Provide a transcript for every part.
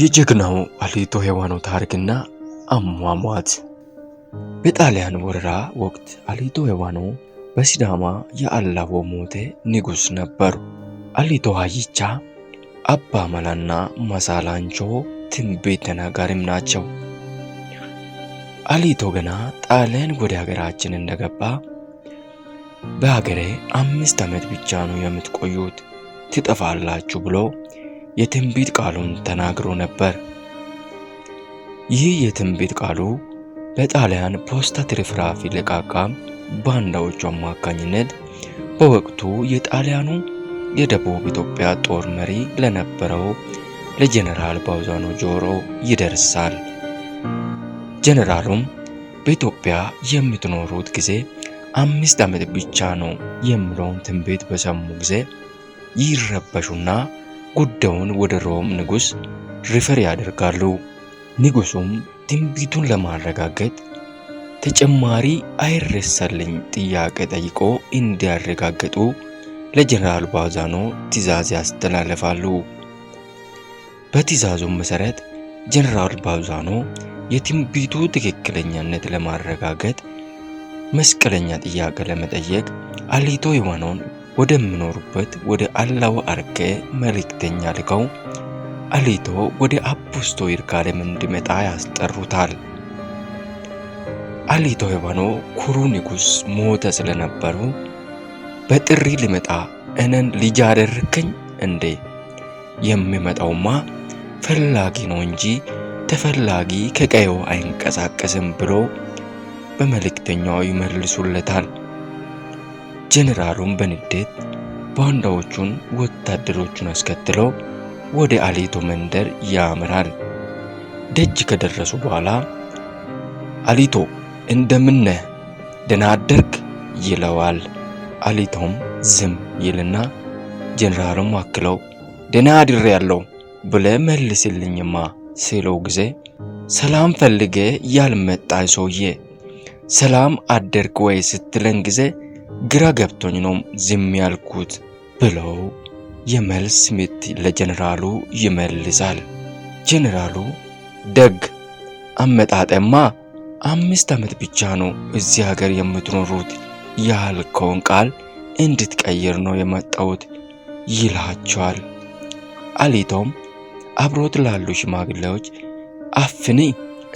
የጀግናው አሊቶ ሄዋኖ ታሪክና አሟሟት። በጣሊያን ወረራ ወቅት አሊቶ ሄዋኖ በሲዳማ የአላቦ ሞቴ ንጉሥ ነበሩ። አሌቶ ሀይቻ አባ መላና መሳላንቾ ትንቢት ተናጋሪም ናቸው። አሊቶ ገና ጣሊያን ወደ ሀገራችን እንደገባ በሀገሬ አምስት ዓመት ብቻ ነው የምትቆዩት፣ ትጠፋላችሁ ብሎ የትንቢት ቃሉን ተናግሮ ነበር። ይህ የትንቢት ቃሉ በጣሊያን ፖስታ ትርፍራፊ ለቃቃም ባንዳዎቹ አማካኝነት በወቅቱ የጣሊያኑ የደቡብ ኢትዮጵያ ጦር መሪ ለነበረው ለጀነራል ባውዛኖ ጆሮ ይደርሳል። ጀነራሉም በኢትዮጵያ የምትኖሩት ጊዜ አምስት ዓመት ብቻ ነው የሚለውን ትንቢት በሰሙ ጊዜ ይረበሹና ጉዳዩን ወደ ሮም ንጉሥ ሪፈር ያደርጋሉ። ንጉሱም ትንቢቱን ለማረጋገጥ ተጨማሪ አይረሳልኝ ጥያቄ ጠይቆ እንዲያረጋግጡ ለጀነራል ባዛኖ ትእዛዝ ያስተላልፋሉ። በትእዛዙ መሰረት ጀነራል ባዛኖ የትንቢቱ ትክክለኛነት ለማረጋገጥ መስቀለኛ ጥያቄ ለመጠየቅ አሊቶ የሆነውን ወደምኖሩበት ወደ አላው አርከ መልእክተኛ ልከው አሊቶ ወደ አፖስቶ ይርጋለም እንዲመጣ ያስጠሩታል። አሊቶ ሄባኖ ኩሩ ሞተ ስለነበሩ በጥሪ ሊመጣ እነን ልጅ አደረከኝ እንዴ? የሚመጣውማ ፈላጊ ነው እንጂ ተፈላጊ ከቀዮ አይንቀሳቀስም ብሎ በመልእክተኛው ይመልሱለታል። ጄኔራሉም በንዴት ባንዳዎቹን ወታደሮቹን አስከትለው ወደ አሊቶ መንደር ያምራል። ደጅ ከደረሱ በኋላ አሊቶ እንደምነ ደህና አደርክ ይለዋል። አሊቶም ዝም ይልና ጀኔራሉም አክለው ደህና አድሬ ያለው ብለ መልስልኝማ ሲለው ጊዜ ሰላም ፈልገ ያልመጣ ሰውዬ ሰላም አደርክ ወይ ስትለን ጊዜ ግራ ገብቶኝ ነው ዝም ያልኩት ብለው የመልስ ምት ለጀኔራሉ ይመልሳል። ጀኔራሉ ደግ አመጣጠማ አምስት ዓመት ብቻ ነው እዚህ ሀገር የምትኖሩት ያልከውን ቃል እንድትቀይር ነው የመጣሁት ይላቸዋል። አሊቶም አብሮት ላሉ ሽማግሌዎች አፍኒ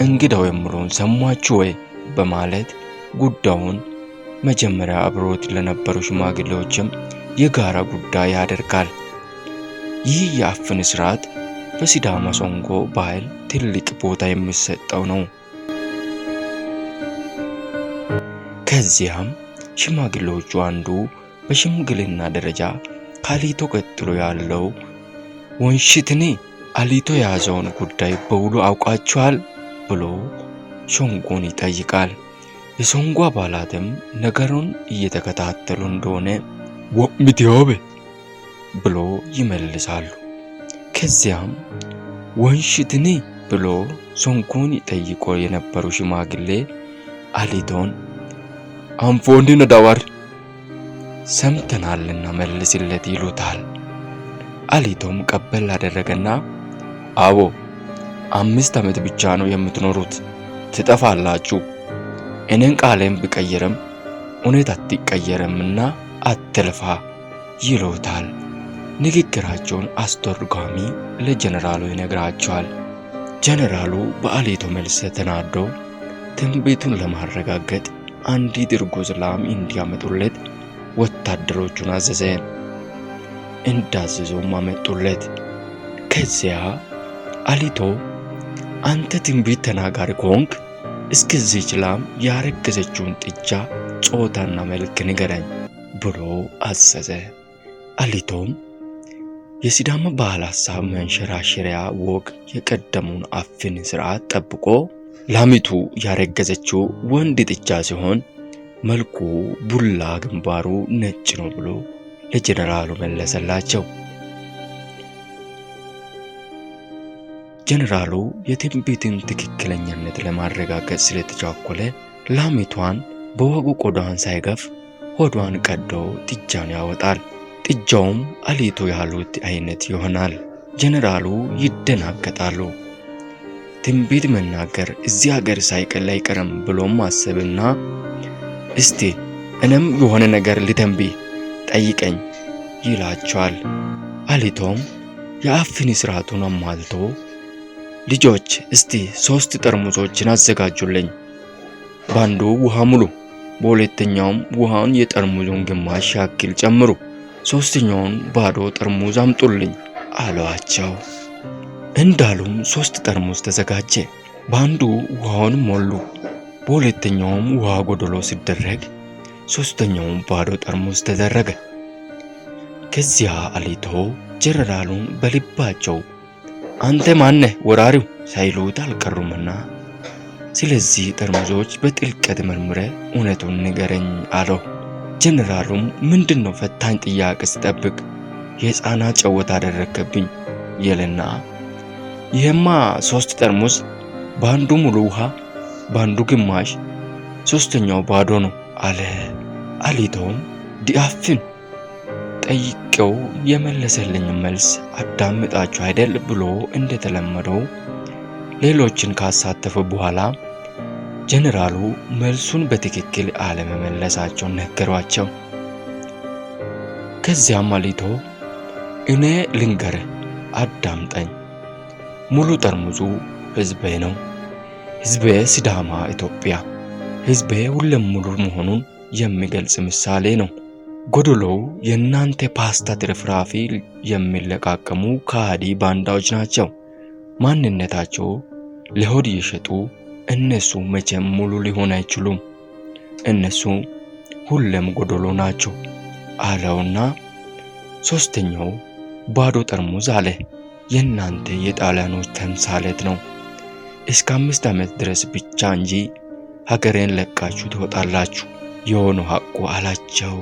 እንግዳው የምለውን ሰሟችሁ ወይ በማለት ጉዳዩን መጀመሪያ አብሮት ለነበሩ ሽማግሌዎችም የጋራ ጉዳይ ያደርጋል። ይህ የአፍን ስርዓት በሲዳማ ሶንጎ ባህል ትልቅ ቦታ የሚሰጠው ነው። ከዚያም ሽማግሌዎቹ አንዱ በሽምግልና ደረጃ ካሊቶ ቀጥሎ ያለው ወንሽትኔ አሊቶ የያዘውን ጉዳይ በውሉ አውቃችኋል ብሎ ሾንጎን ይጠይቃል። የሶንጎ አባላትም ነገሩን እየተከታተሉ እንደሆነ ወምትያበ ብሎ ይመልሳሉ። ከዚያም ወንሽትኒ ብሎ ሶንኮን ጠይቆ የነበሩ ሽማግሌ አሊቶን አንፎንዲ ነዳዋር ሰምተናልና መልስለት ይሉታል። አሊቶም ቀበል አደረገና አቦ አምስት ዓመት ብቻ ነው የምትኖሩት፣ ትጠፋላችሁ እኔን ቃሌን ብቀይርም እውነት አትቀየርምና አትልፋ ይለውታል። ንግግራቸውን አስተርጓሚ ለጀነራሉ ይነግራቸዋል። ጀነራሉ በአሌቶ መልስ ተናዶ ትንቢቱን ለማረጋገጥ አንዲት እርጉዝ ላም እንዲያመጡለት ወታደሮቹን አዘዘ። እንዳዘዘውም አመጡለት። ከዚያ አሊቶ አንተ ትንቢት ተናጋሪ ከሆንክ እስከዚች ላም ያረገዘችውን ጥጃ ጾታና መልክ ንገረኝ ብሎ አዘዘ። አሊቶም የሲዳማ ባህል ሀሳብ መንሸራሸሪያ ወግ የቀደመውን አፍን ስርዓት ጠብቆ ላሚቱ ያረገዘችው ወንድ ጥጃ ሲሆን መልኩ ቡላ፣ ግንባሩ ነጭ ነው ብሎ ለጀነራሉ መለሰላቸው። ጀኔራሉ የትንቢትን ትክክለኛነት ለማረጋገጥ ስለተቻኮለ ላሚቷን በወጉ ቆዳዋን ሳይገፍ ሆዷን ቀዶ ጥጃን ያወጣል። ጥጃውም አሊቶ ያሉት አይነት ይሆናል። ጀኔራሉ ይደናገጣሉ። ትንቢት መናገር እዚህ ሀገር ሳይቀል አይቀርም ብሎም ማሰብና እስቲ እኔም የሆነ ነገር ልተንብይ ጠይቀኝ ይላቸዋል። አሊቶም የአፍኒ ስርዓቱን አሟልቶ ልጆች እስቲ ሶስት ጠርሙሶችን አዘጋጁልኝ። ባንዱ ውሃ ሙሉ፣ በሁለተኛውም ውሃውን የጠርሙዙን ግማሽ ያክል ጨምሩ፣ ሶስተኛውን ባዶ ጠርሙዝ አምጡልኝ አሏቸው። እንዳሉም ሶስት ጠርሙዝ ተዘጋጀ። በአንዱ ውሃውን ሞሉ፣ በሁለተኛውም ውሃ ጎደሎ ሲደረግ፣ ሶስተኛውም ባዶ ጠርሙዝ ተደረገ። ከዚያ አሊቶ ጀነራሉን በልባቸው አንተ ማነ ወራሪው ሳይሉት አልቀሩምና ስለዚህ ጠርሙሶች በጥልቀት መርምረ እውነቱን ንገረኝ አለው። ጀነራሉም ምንድን ነው ፈታኝ ጥያቄ ስጠብቅ የሕፃናት ጨወታ አደረከብኝ የለና ይህማ ሶስት ጠርሙስ በአንዱ ሙሉ ውሃ፣ በአንዱ ግማሽ፣ ሶስተኛው ባዶ ነው አለ። አሊቶም ዲአፍን ጠይቄው የመለሰልኝ መልስ አዳምጣችሁ አይደል ብሎ እንደተለመደው ሌሎችን ካሳተፈ በኋላ ጀነራሉ መልሱን በትክክል አለመመለሳቸውን ነገሯቸው። ከዚያም አሊቶ እኔ ልንገርህ፣ አዳምጠኝ፣ ሙሉ ጠርሙዙ ህዝቤ ነው። ህዝቤ ሲዳማ ኢትዮጵያ፣ ህዝቤ ሁለም ሙሉ መሆኑን የሚገልጽ ምሳሌ ነው። ጎዶሎው የእናንተ ፓስታ ትርፍራፊ የሚለቃቀሙ ከሃዲ ባንዳዎች ናቸው። ማንነታቸው ለሆድ የሸጡ እነሱ መቼም ሙሉ ሊሆን አይችሉም። እነሱ ሁለም ጎዶሎ ናቸው አለውና ሶስተኛው ባዶ ጠርሙዝ አለ። የእናንተ የጣሊያኖች ተምሳሌት ነው። እስከ አምስት ዓመት ድረስ ብቻ እንጂ ሀገሬን ለቃችሁ ትወጣላችሁ። የሆነው ሐቁ አላቸው።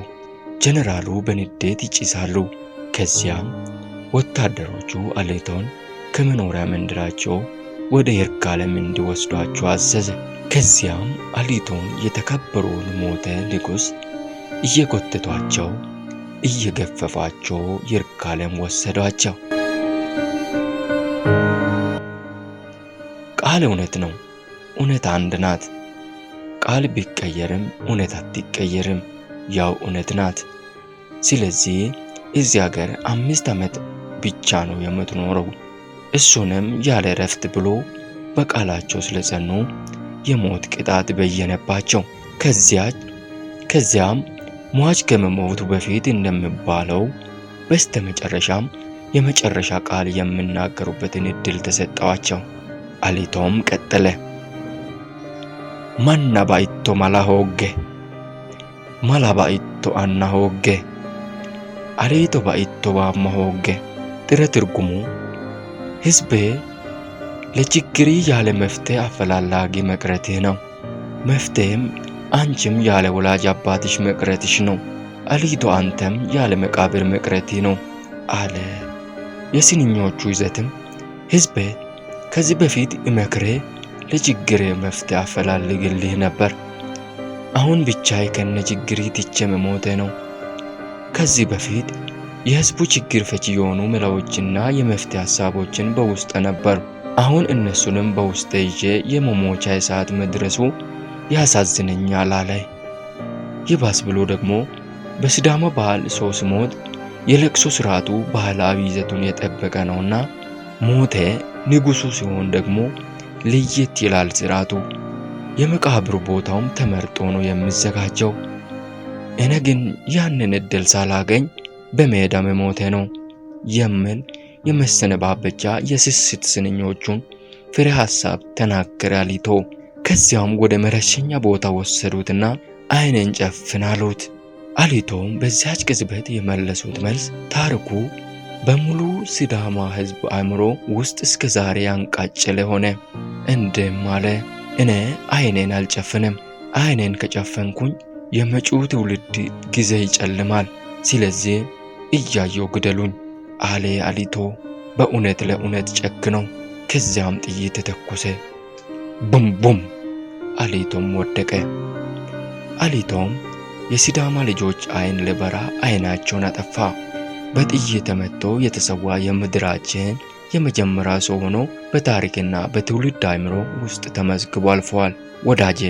ጀነራሉ በንዴት ይጭሳሉ። ከዚያም ወታደሮቹ አሌቶን ከመኖሪያ መንደራቸው ወደ የርጋለም እንዲወስዷቸው አዘዘ። ከዚያም አሌቶን የተከበሩን ሞተ ንጉሥ እየጎተቷቸው እየገፈፋቸው የርጋለም ወሰዷቸው። ቃል እውነት ነው። እውነት አንድ ናት። ቃል ቢቀየርም እውነት አትቀየርም። ያው እውነት ናት። ስለዚህ እዚህ ሀገር አምስት ዓመት ብቻ ነው የምትኖረው። እሱንም ያለ እረፍት ብሎ በቃላቸው ስለጸኑ የሞት ቅጣት በየነባቸው። ከዚያም ሟች ከመሞቱ በፊት እንደሚባለው በስተመጨረሻም የመጨረሻ ቃል የምናገሩበትን እድል ተሰጠዋቸው። አሊቶም ቀጠለ ማና ባይቶ mala baitto anna hoogge ariito baitto waamma hoogge tire ትርጉሙ ሕዝቤ ለችግሪ ያለ መፍትሄ አፈላላጊ መቅረትህ ነው። መፍትሄም አንቺም ያለ ወላጅ አባትሽ መቅረትሽ ነው። አሊዶ አንተም ያለ መቃብር መቅረቲ ነው አለ። የስንኞቹ ይዘትም ሕዝቤ ከዚህ በፊት እመክሬ ለችግሬ መፍትሄ አፈላልግልህ ነበር አሁን ብቻዬ ከነ ችግሬ ትቼ መሞቴ ነው። ከዚህ በፊት የህዝቡ ችግር ፈቺ የሆኑ መላዎችና የመፍትሄ ሀሳቦችን በውስጥ ነበር። አሁን እነሱንም በውስጥ ይዤ የመሞቻ ሰዓት መድረሱ ያሳዝነኛል አለ። ይባስ ብሎ ደግሞ በስዳማ ባህል ሰው ሲሞት የለቅሶ ስርዓቱ ባህላዊ ይዘቱን የጠበቀ ነውና ሞተ ንጉሱ ሲሆን ደግሞ ለየት ይላል ስርዓቱ። የመቃብሩ ቦታውም ተመርጦ ነው የምዘጋጀው። እኔ ግን ያንን እድል ሳላገኝ በሜዳ መሞቴ ነው የምን የመሰነባበቻ የስስት ስንኞቹን ፍሬ ሀሳብ ተናገረ አሊቶ። ከዚያውም ወደ መረሸኛ ቦታ ወሰዱትና አይንን ጨፍን አሉት። አሊቶም በዚያች ቅጽበት የመለሱት መልስ ታሪኩ በሙሉ ሲዳማ ሕዝብ አእምሮ ውስጥ እስከ ዛሬ ያንቃጭለ ሆነ። እንድም አለ እኔ አይኔን አልጨፍንም። አይኔን ከጨፈንኩኝ የመጪው ትውልድ ጊዜ ይጨልማል። ስለዚህ እያየው ግደሉኝ አለ አሊቶ በእውነት ለእውነት ጨክነው። ከዚያም ጥይት ተተኮሰ። ቡምቡም አሊቶም ወደቀ። አሊቶም የሲዳማ ልጆች አይን ለበራ አይናቸውን አጠፋ። በጥይት ተመቶ የተሰዋ የምድራችን የመጀመሪያ ሰው ሆኖ በታሪክና በትውልድ አእምሮ ውስጥ ተመዝግቦ አልፈዋል። ወዳጄ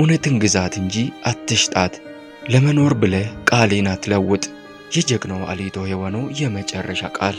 እውነትን ግዛት እንጂ አትሽጣት። ለመኖር ብለህ ቃሌን አትለውጥ። የጀግናው አሌቶ የሆነው የመጨረሻ ቃል